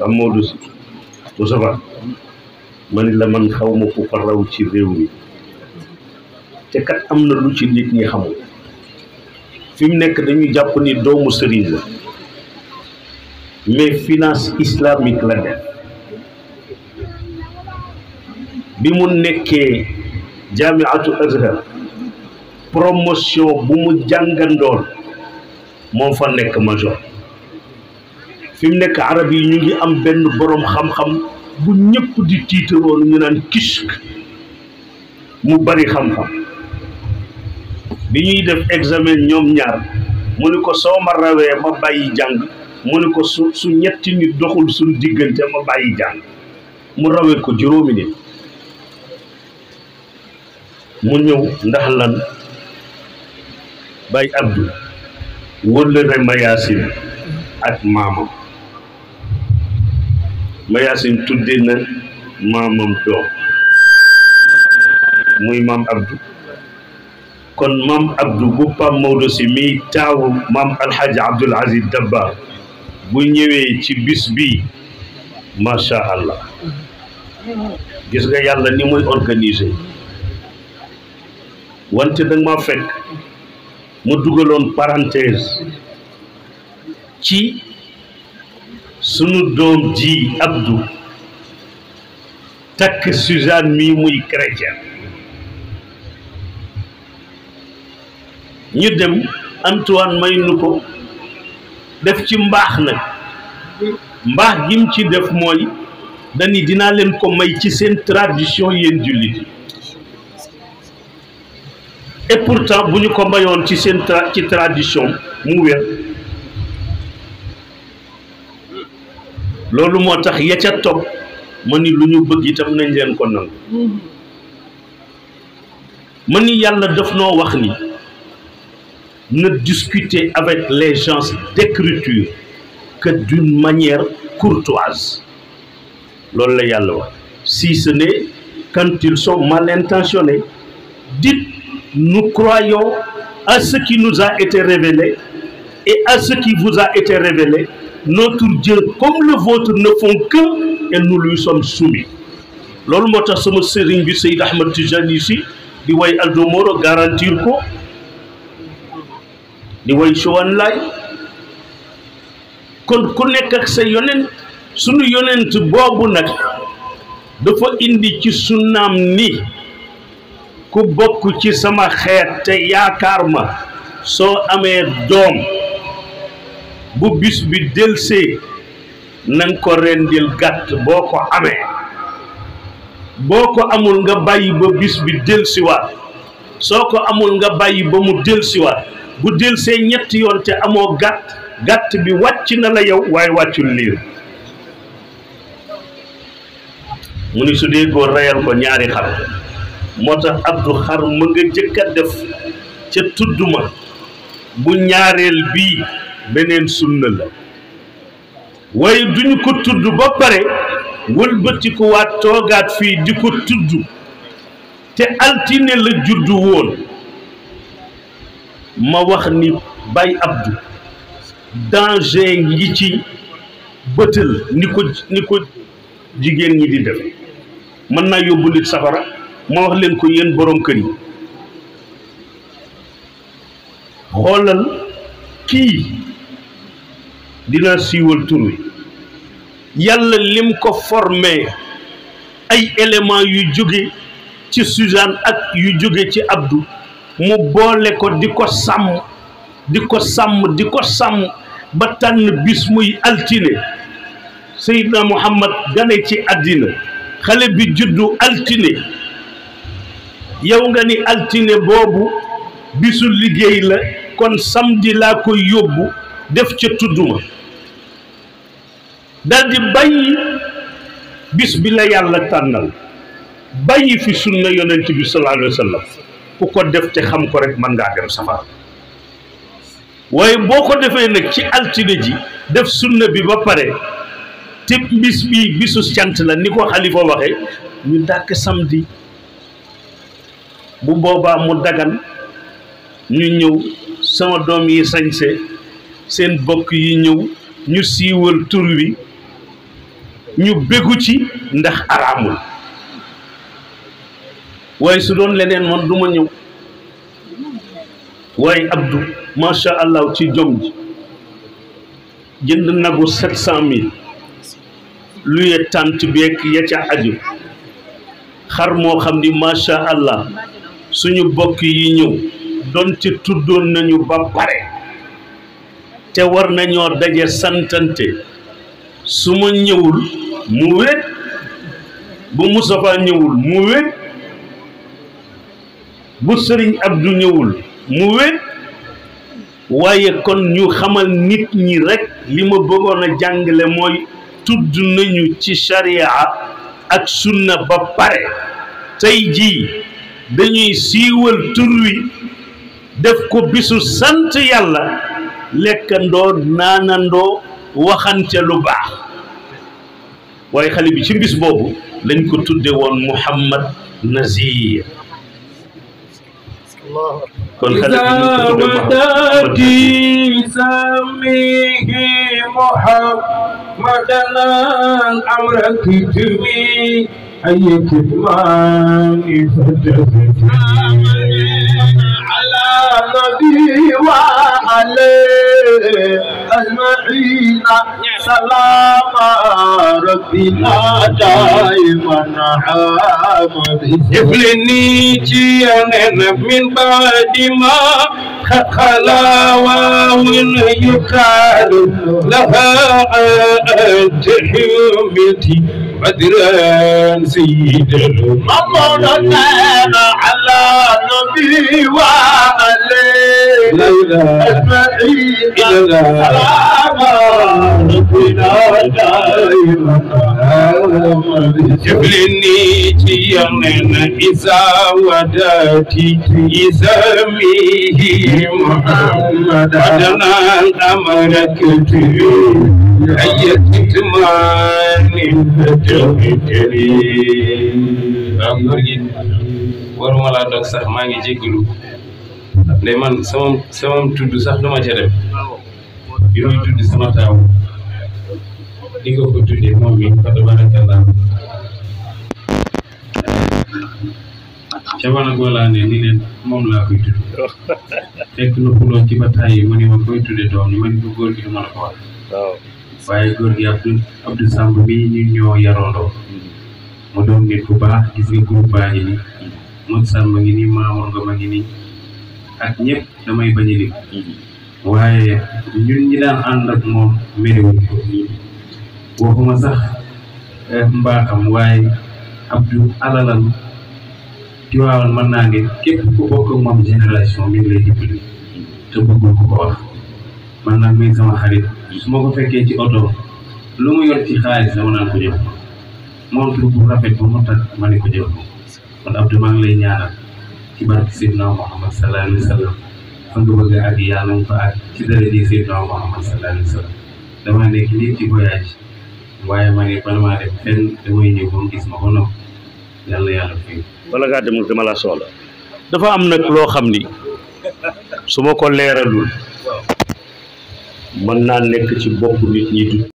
am Modou la man xawma ma ku ko ci réew mi te kat am na lu ci nit ñi xamul fi mu nekk dañu jàpp ni doomu sëriñ la mais finance islamique la def bi mu nekkee jaamiatu Azhar promotion bu mu jàngandoon moom fa nekk major fi mu nekk arab yi ñu ngi am benn boroom xam-xam bu ñëpp di tiitaroon ñu naan Kishk mu bari xam-xam bi ñuy def examen ñoom ñaar mu ne ko soo ma rawee ma bàyyi jàng mu ne ko su su ñetti nit doxul suñ diggante ma bàyyi jàng mu rawee ko juróomi nit mu ñëw ndax lan bay Abdou wëllëre Mayaasin ak maamam Mayacine tudde na maamam doom muy maam Abdou kon maam Abdou bu Pape Maodo si miy taawu maam Alhaji Abdoul Aziz Dabba bu ñëwee ci bis bi macha allah gis nga yàlla ni muy organiser wante da ma fekk mu dugaloon parenthèse ci. sunu doom ji Abdou takk Suzanne mii muy chrétien ñu dem Antoine may nu ko def ci mbaax nag mbaax gim ci def mooy dani dinaa leen ko may ci seen tradition yéen jullit et pourtant bu ñu ko mayoon ci seen tra tradition mu wér loolu moo tax ya ca topp ma ni lu ñu bëgg itam nañ leen ko nangu ma ni yàlla daf noo wax ni na discuter avec les gens d'écriture que d'une manière courtoise loolu la yàlla wax si ce n'est quand ils sont mal intentionnés dites nous croyons à ce qui nous a été révélé et à ce qui vous a été révélé notre Dieu comme le vôtre ne font que et nous lui loolu moo tax sama sëriñ bi Seyd Ahmad Tijani di way Aldo Moro garantir ko di way wan Laay kon ku nekk ak sa yonent sunu yonent boobu nag dafa indi ci sunnaam ni ku bokk ci sama xeet te yaakaar ma soo amee doom bu bis bi delsee na nga ko rendil gàtt boo ko amee boo ko amul nga bàyyi ba bis bi delsiwaat soo ko amul nga bàyyi ba mu delsiwaat bu see ñetti yoon te amoo gàtt gàtt bi wàcc na la yow waay wàccul liir mu ni su dee reyal ko ñaari xar moo tax abdu xar ma nga jëkk a def ca tudduma bu ñaareel bii beneen sunna la waaye duñu ko tudd ba pare wëlbatiku waat toogaat fii di ko tudd te altine la juddu woon ma wax ni bay Abdou danger yi ci bëtal ni ko ni ko jigéen ñi di def mën naa yóbbu nit safara ma wax leen ko yéen borom kër yi xoolal kii dinaa siiwal tur yàlla lim ko formé ay élément yu jóge ci Suzanne ak yu jóge ci Abdou mu boole ko di ko sàmm di ko sàmm di ko sàmm ba tànn bis muy altine Seydina Muhammad gane ci àddina xale bi juddu altine yow nga ni altine boobu bisu liggéey la kon samedi laa koy yóbbu def ca tudduma dal di bàyyi bis bi la yàlla tànnal bàyyi fi sunna yonent bi sallallahu alayhi wa ku ko def te xam ko rek mën dem safara waaye boo ko defee nag ci altine ji def sunna bi ba pare te bis bi bisu cant la ni ko xalifa waxee ñu dàkk samedi bu boobaa mu dagan ñu ñëw sama doom yi sañse seen bokk yi ñëw ñu siiwal tur wi ñu bégu ci ndax araamul waaye su doon leneen man du ma ñëw waaye Abdou macha allah ci jom ji jënd nagu sept cent mille luye tànt beeg ya ca aju xar moo xam ni macha allah suñu bokk yi ñëw doon ci tuddoon nañu ba pare te war nañoo daje santante su ma ñëwul mu wéet bu Moustapha ñëwul mu wéet bu Serigne Abdou ñëwul mu wéet waaye kon ñu xamal nit ñi rekk li ma bëggoon a jàngale mooy tudd nañu ci sharia ak sunna ba pare tey jii dañuy siiwal tur wi def ko bisu sant yàlla lekkandoo naanandoo waxante lu baax waaye xale bi ci bis boobu lañ ko tudde woon Muhammad Nazir kon xale bi ñu ko tudde Muhammad Nazir أي كتمان فتفت على نبي وعليه سلام ربنا دائما حامد يبلني جيانا من بعد ما خلاوى يقال لها التحيومتي بدرا سيد الممر نبي وعلي أجمعين سلام ربنا دائما جبلني تيمنا إذا وداتي إسميه محمد ودنا أمرك تبين أية تمان تبتلي أمرك waruma laa dog sax maa ngi jéggalu nday man sama sama tudd sax dama ca def bi muy tudd sama taaw di ko ko tuddee moom mi fa tabarakallah ca wana goolaa ne ni leen moom laa koy tudd fekk na xuloo ci ba tàyyi mu ne ma koy tuddee doom ni ma ni ko góor gi du mën a ko wax waaye góor gi Abdou Abdou Samb mii ñu ñoo yaroondoo mu doon nit bu baax gis nga groupe baa ngi nii Modou Samba ngi nii Maamor Ngom ak ñëpp damay bañ a lim mm-hmm. waaye ñun ñi daan ànd ak moom mériwuñ ko waxuma sax eh, mbaaxam waaye Abdou alalam Tiwaawan mën naa ne képp ku bokk moom génération mi ngi lay dimbali mm-hmm. te bëggul ko man nag muy sama xarit su ma ko fekkee ci oto lu mu ci xaalis dama naan ko jël montre bu rafet ba mu takk ma ko jël kon Abdou maa ngi lay ñaanal ci barke Seydina Muhammad sallallahu alayhi wa sallam fa nga bëgg a ci daraja Seydina Muhammad sallallahu alayhi wa sallam nekk nii ci voyage waaye ma ne bala maa dem fenn damay ñëw ba gis ma ko noonu yàlla yàlla fi bala ngaa dem dama la soxla dafa am nag loo xam ni su ma ko leeralul mën naa nekk ci bopp nit ñi du